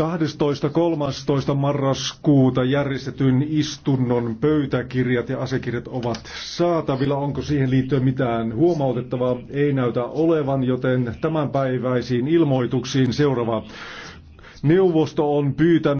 12.13. marraskuuta järjestetyn istunnon pöytäkirjat ja asiakirjat ovat saatavilla. Onko siihen liittyen mitään huomautettavaa? Ei näytä olevan, joten tämänpäiväisiin ilmoituksiin seuraava. Neuvosto on pyytänyt